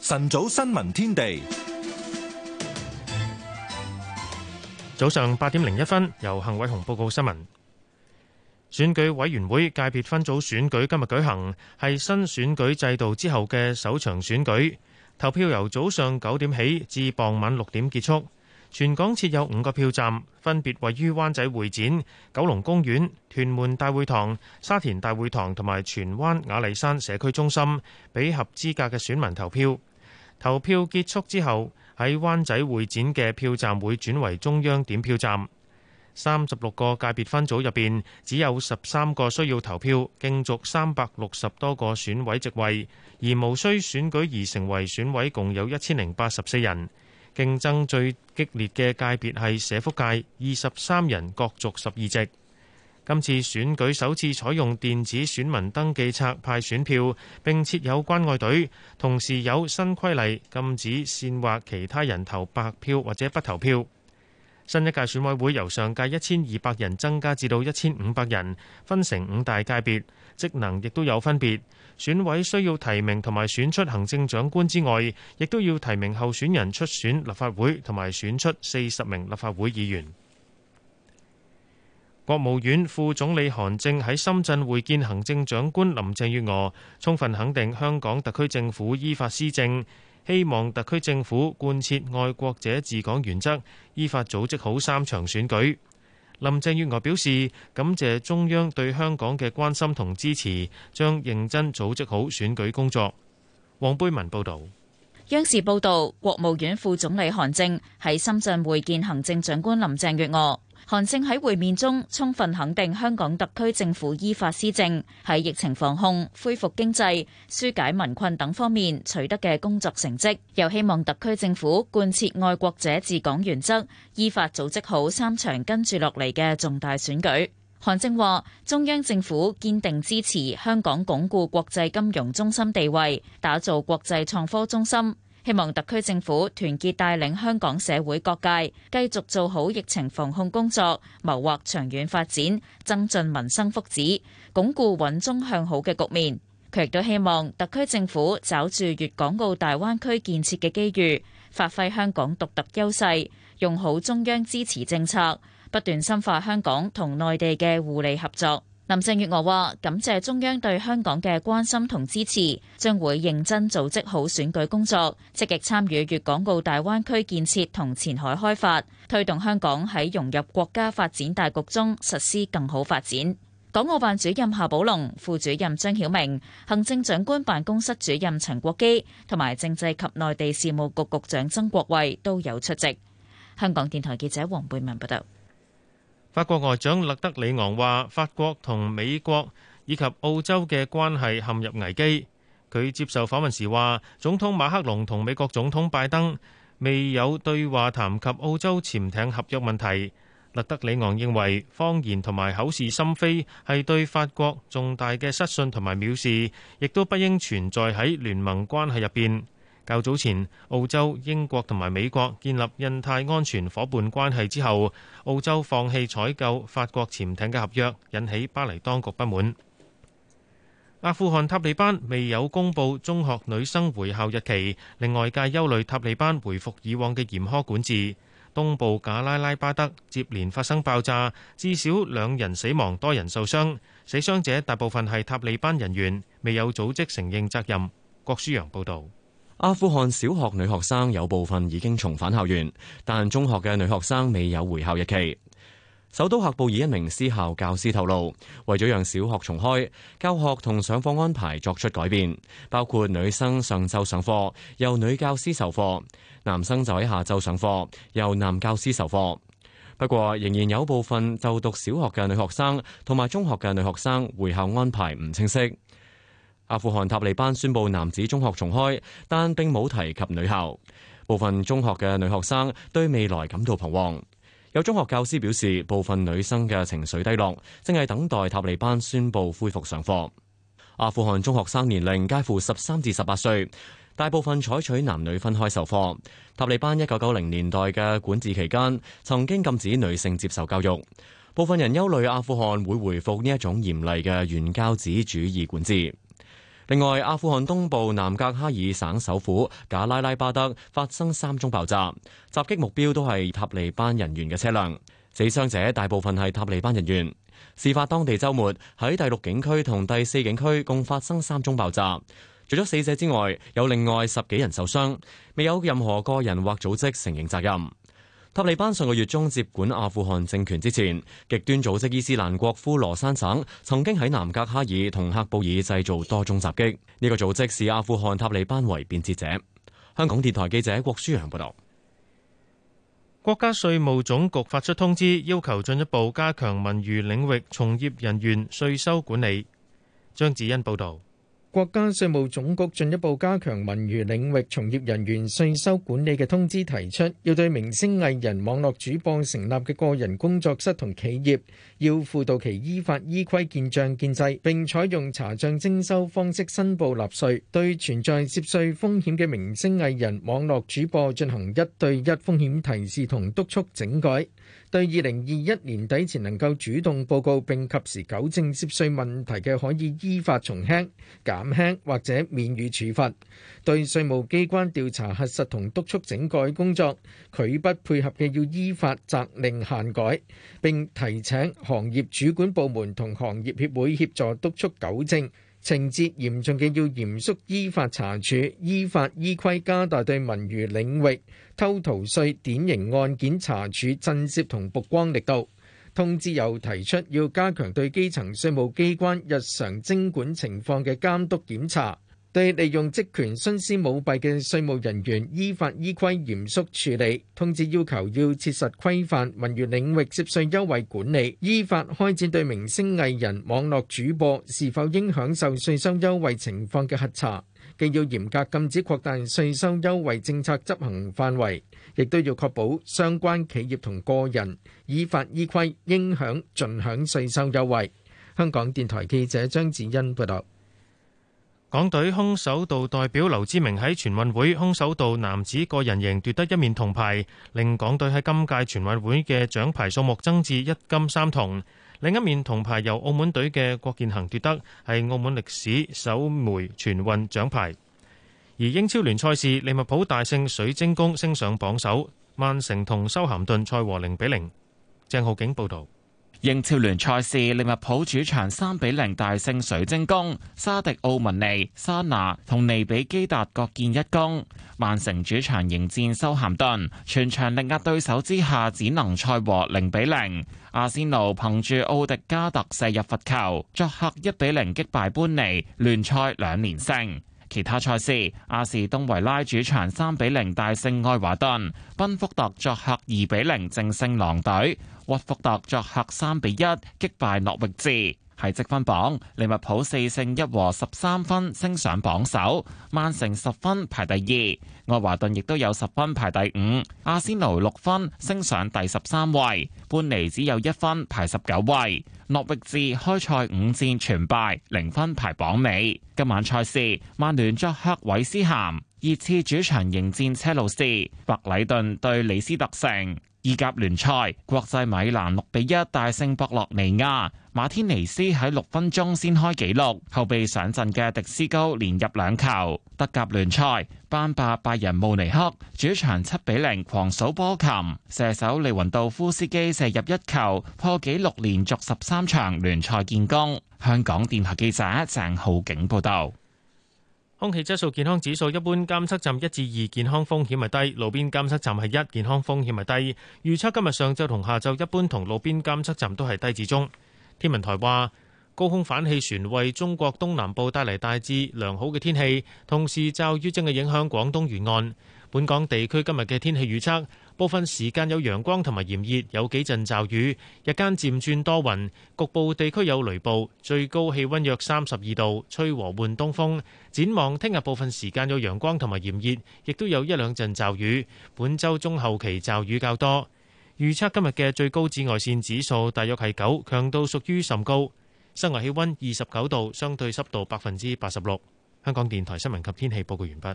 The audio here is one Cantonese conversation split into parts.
晨早新聞天地，早上八點零一分，由幸偉雄報告新聞。選舉委員會界別分組選舉今日舉行，係新選舉制度之後嘅首場選舉。投票由早上九點起至傍晚六點結束。全港設有五個票站，分別位於灣仔會展、九龍公園、屯門大會堂、沙田大會堂同埋荃灣雅麗山社區中心，俾合資格嘅選民投票。投票結束之後，喺灣仔會展嘅票站會轉為中央點票站。三十六個界別分組入邊，只有十三個需要投票，競逐三百六十多個選委席位，而無需選舉而成為選委共有一千零八十四人。競爭最激烈嘅界別係社福界，二十三人角逐十二席。今次選舉首次採用電子選民登記冊派選票，並設有關愛隊，同時有新規例禁止煽惑其他人投白票或者不投票。新一屆選委會由上屆一千二百人增加至到一千五百人，分成五大界別，職能亦都有分別。選委需要提名同埋選出行政長官之外，亦都要提名候選人出選立法會同埋選出四十名立法會議員。國務院副總理韓正喺深圳會見行政長官林鄭月娥，充分肯定香港特區政府依法施政。希望特區政府貫徹愛國者治港原則，依法組織好三場選舉。林鄭月娥表示感謝中央對香港嘅關心同支持，將認真組織好選舉工作。黃貝文報導。央視報導，國務院副總理韓正喺深圳會見行政長官林鄭月娥。韓正喺會面中充分肯定香港特區政府依法施政，喺疫情防控、恢復經濟、疏解民困等方面取得嘅工作成績，又希望特區政府貫徹愛國者治港原則，依法組織好三場跟住落嚟嘅重大選舉。韓正話，中央政府堅定支持香港鞏固國際金融中心地位，打造國際創科中心。希望特區政府團結帶領香港社會各界，繼續做好疫情防控工作，謀劃長遠發展，增進民生福祉，鞏固穩中向好嘅局面。佢亦都希望特區政府抓住粵港澳大灣區建設嘅機遇，發揮香港獨特優勢，用好中央支持政策，不斷深化香港同內地嘅互利合作。林鄭月娥話：感謝中央對香港嘅關心同支持，將會認真組織好選舉工作，積極參與粵港澳大灣區建設同前海開發，推動香港喺融入國家發展大局中實施更好發展。港澳辦主任夏寶龍、副主任張曉明、行政長官辦公室主任陳國基同埋政制及內地事務局局局長曾國衛都有出席。香港電台記者黃貝文報道。法國外長勒德里昂話：法國同美國以及澳洲嘅關係陷入危機。佢接受訪問時話，總統馬克龍同美國總統拜登未有對話談及澳洲潛艇合約問題。勒德里昂認為，謊言同埋口是心非係對法國重大嘅失信同埋藐視，亦都不應存在喺聯盟關係入邊。較早前，澳洲、英國同埋美國建立印太安全夥伴關係之後，澳洲放棄採購法國潛艇嘅合約，引起巴黎當局不滿。阿富汗塔利班未有公布中學女生回校日期，令外界憂慮塔利班回復以往嘅嚴苛管治。東部賈拉拉巴德接連發生爆炸，至少兩人死亡，多人受傷，死傷者大部分係塔利班人員，未有組織承認責任。郭舒陽報導。阿富汗小學女學生有部分已經重返校園，但中學嘅女學生未有回校日期。首都喀布爾一名私校教師透露，為咗讓小學重開，教學同上課安排作出改變，包括女生上晝上課由女教師授課，男生就喺下晝上課由男教師授課。不過仍然有部分就讀小學嘅女學生同埋中學嘅女學生回校安排唔清晰。阿富汗塔利班宣布男子中學重開，但並冇提及女校。部分中學嘅女學生對未來感到彷徨。有中學教師表示，部分女生嘅情緒低落，正係等待塔利班宣布恢復上課。阿富汗中學生年齡介乎十三至十八歲，大部分採取男女分開授課。塔利班一九九零年代嘅管治期間，曾經禁止女性接受教育。部分人憂慮阿富汗會回復呢一種嚴厲嘅原教旨主義管治。另外，阿富汗東部南格哈爾省首府賈拉拉巴德發生三宗爆炸，襲擊目標都係塔利班人員嘅車輛，死傷者大部分係塔利班人員。事發當地週末，喺第六警區同第四警區共發生三宗爆炸，除咗死者之外，有另外十幾人受傷，未有任何個人或組織承認責任。塔利班上個月中接管阿富汗政權之前，極端組織伊斯蘭國呼羅珊省曾經喺南格哈爾同喀布爾製造多宗襲擊。呢、這個組織視阿富汗塔利班為變節者。香港電台記者郭舒陽報道。國家稅務總局發出通知，要求進一步加強文娛領域從業人員稅收管理。張子欣報道。國家稅務總局進一步加強文娛領域從業人員稅收管理嘅通知提出，要對明星藝人、網絡主播成立嘅個人工作室同企業，要輔導其依法依規建賬建制，並採用查賬徵收方式申報納稅；對存在涉稅風險嘅明星藝人、網絡主播進行一對一風險提示同督促整改。對二零二一年底前能夠主動報告並及時糾正涉稅問題嘅，可以依法從輕、減輕或者免予處罰；對稅務機關調查核實同督促整改工作，拒不配合嘅，要依法責令限改，並提請行業主管部門同行業協會協助督促糾正。情節嚴重嘅要嚴肅依法查處，依法依規加大對文娛領域偷逃稅典型案件查處震懾同曝光力度。通知又提出要加強對基層稅務機關日常徵管情況嘅監督檢查。對利用職權徇私舞弊嘅稅務人員依法依規嚴肅處理，通知要求要切實規範文娛領域涉稅優惠管理，依法開展對明星藝人、網絡主播是否應享受稅收優惠情況嘅核查。既要嚴格禁止擴大稅收優惠政策執行範圍，亦都要確保相關企業同個人依法依規應享盡享稅收優惠。香港電台記者張子欣報道。港隊空手道代表劉志明喺全運會空手道男子個人型奪得一面銅牌，令港隊喺今屆全運會嘅獎牌數目增至一金三銅。另一面銅牌由澳門隊嘅郭建恒奪得，係澳門歷史首枚全運獎牌。而英超聯賽事，利物浦大勝水晶宮，升上榜首。曼城同修咸頓賽和零比零。鄭浩景報道。英超聯賽事，利物浦主場三比零大勝水晶宮，沙迪奧文尼、沙拿同尼比基達各建一功。曼城主場迎戰修咸頓，全場力壓對手之下，只能賽和零比零。阿仙奴憑住奧迪加特射入罰球，作客一比零擊敗班尼，聯賽兩連勝。其他賽事，阿士東維拉主場三比零大勝愛華頓，賓福特作客二比零淨勝狼隊。屈福特作客三比一擊敗諾域治，係積分榜，利物浦四勝一和十三分，升上榜首；曼城十分排第二，愛華頓亦都有十分排第五，阿仙奴六分升上第十三位，本尼只有一分排十九位。諾域治開賽五戰全敗，零分排榜尾。今晚賽事，曼聯作客韋斯咸，熱刺主場迎戰車路士，白禮頓對里斯特城。意甲聯賽，國際米蘭六比一大勝博洛尼亞，馬天尼斯喺六分鐘先開紀錄，後備上陣嘅迪斯高連入兩球。德甲聯賽，班霸拜仁慕尼黑主場七比零狂掃波琴，射手利雲道夫斯基射入一球，破紀錄連續十三場聯賽建功。香港電台記者鄭浩景報道。空氣質素健康指數一般監測站一至二，健康風險係低；路邊監測站係一，健康風險係低。預測今日上晝同下晝一般同路邊監測站都係低至中。天文台話，高空反氣旋為中國東南部帶嚟大致良好嘅天氣，同時驟雨正係影響廣東沿岸。本港地區今日嘅天氣預測。部分時間有陽光同埋炎熱，有幾陣驟雨，日間漸轉多雲，局部地區有雷暴，最高氣温約三十二度，吹和緩東風。展望聽日部分時間有陽光同埋炎熱，亦都有一兩陣驟雨，本週中後期驟雨較多。預測今日嘅最高紫外線指數大約係九，強度屬於甚高。室外氣温二十九度，相對濕度百分之八十六。香港電台新聞及天氣報告完畢。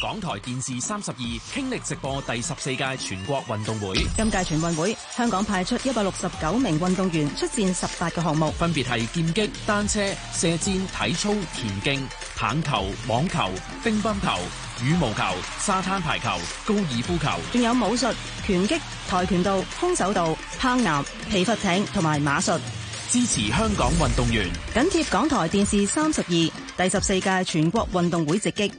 港台電視三十二傾力直播第十四屆全國運動會。今屆全運會，香港派出一百六十九名運動員出戰十八個項目，分別係劍擊、單車、射箭、體操、田徑、棒球、網球、乒乓球、羽毛球、沙灘排球、高爾夫球，仲有武術、拳擊、跆拳道、空手道、攀岩、皮筏艇同埋馬術。支持香港運動員，緊貼港台電視三十二第十四屆全國運動會直擊。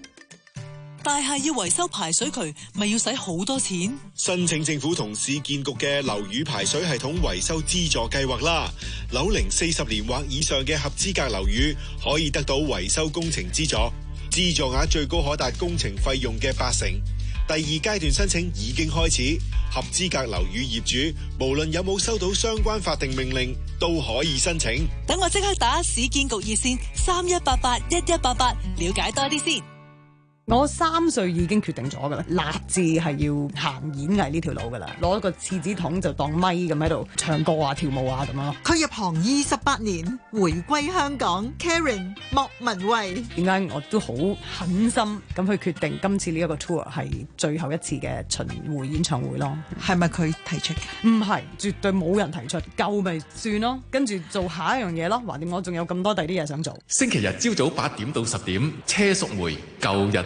但係要維修排水渠，咪要使好多錢？申請政府同市建局嘅樓宇排水系統維修資助計劃啦！樓齡四十年或以上嘅合資格樓宇可以得到維修工程資助，資助額最高可達工程費用嘅八成。第二階段申請已經開始，合資格樓宇業主無論有冇收到相關法定命令，都可以申請。等我即刻打市建局熱線三一八八一一八八了解多啲先。我三歲已經決定咗噶啦，立志係要行演藝呢條路噶啦，攞個廁紙筒就當咪咁喺度唱歌啊、跳舞啊咁咯。佢入行二十八年，回歸香港，Karen 莫文蔚。點解我都好狠心咁去決定今次呢一個 tour 係最後一次嘅巡回演唱會咯？係咪佢提出嘅？唔係，絕對冇人提出，夠咪算咯，跟住做下一樣嘢咯，橫掂我仲有咁多第啲嘢想做。星期日朝早八點到十點，車淑梅舊日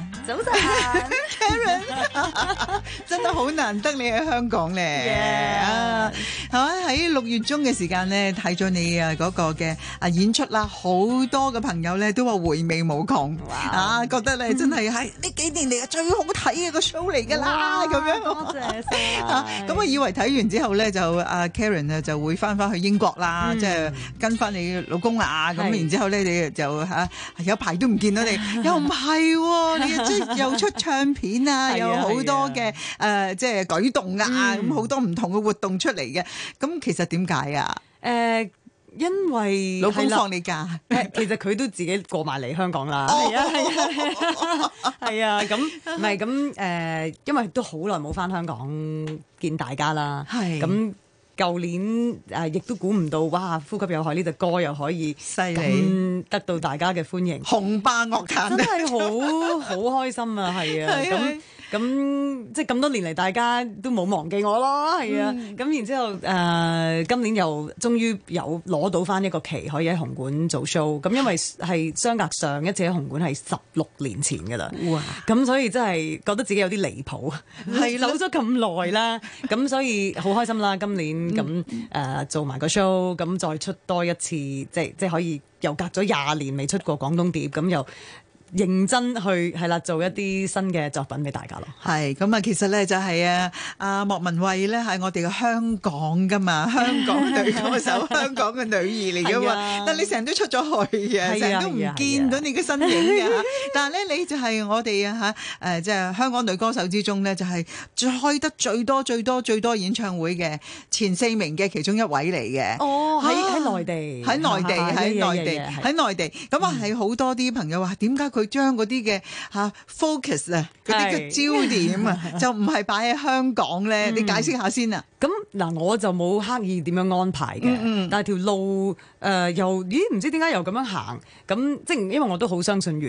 早晨，Karen，真係好難得你喺香港咧，啊，係喺六月中嘅時間咧，睇咗你啊嗰個嘅啊演出啦，好多嘅朋友咧都話回味無窮，啊，覺得咧真係喺呢幾年嚟最好睇嘅個 show 嚟噶啦，咁樣。咁啊以為睇完之後咧就啊 Karen 啊就會翻翻去英國啦，即係跟翻你老公啊咁，然之後咧你就吓有排都唔見到你，又唔係你。 又出唱片啊，有好多嘅誒，即係、啊呃就是、舉動啊，咁好、嗯、多唔同嘅活動出嚟嘅。咁其實點解啊？誒、呃，因為老公放你假、啊，其實佢都自己過埋嚟香港啦。係 啊，係啊，係啊，咁唔係咁誒，因為都好耐冇翻香港見大家啦。係咁是。舊年誒、啊、亦都估唔到，哇！呼吸有害呢隻歌又可以犀利得到大家嘅歡迎，紅霸樂壇，啊、 真係好好開心啊！係啊咁。 樣 咁即係咁多年嚟，大家都冇忘記我咯，係啊！咁然之後，誒今年又終於有攞到翻一個期，可以喺紅館做 show。咁因為係相隔上一次喺紅館係十六年前㗎啦哇，咁所以真係覺得自己有啲離譜，係扭咗咁耐啦。咁所以好開心啦！今年咁誒做埋個 show，咁再出多一次，即係即係可以又隔咗廿年未出過廣東碟，咁又～認真去係啦，做一啲新嘅作品俾大家咯。係咁啊，其實咧就係啊，阿莫文蔚咧係我哋嘅香港噶嘛，香港女歌手、 香港嘅女兒嚟噶嘛。啊、但係你成日都出咗去啊，成日、啊、都唔見到你嘅身影㗎。哈哈啊啊、但係咧，你就係我哋啊嚇誒，即、啊、係、呃、香港女歌手之中咧，就係、是、開得最多、最多、最多演唱會嘅前四名嘅其中一位嚟嘅。哦，喺喺、啊啊、內地，喺內地，喺內地，喺內地。咁啊，係好多啲朋友話：點解佢？去將啲嘅吓 focus 啊是，啲嘅焦點啊， 就唔係擺喺香港咧。嗯、你解釋下先啊，咁嗱，我就冇刻意點樣安排嘅。嗯，但係條路誒、呃、又咦？唔知點解又咁樣行？咁即係因為我都好相信緣。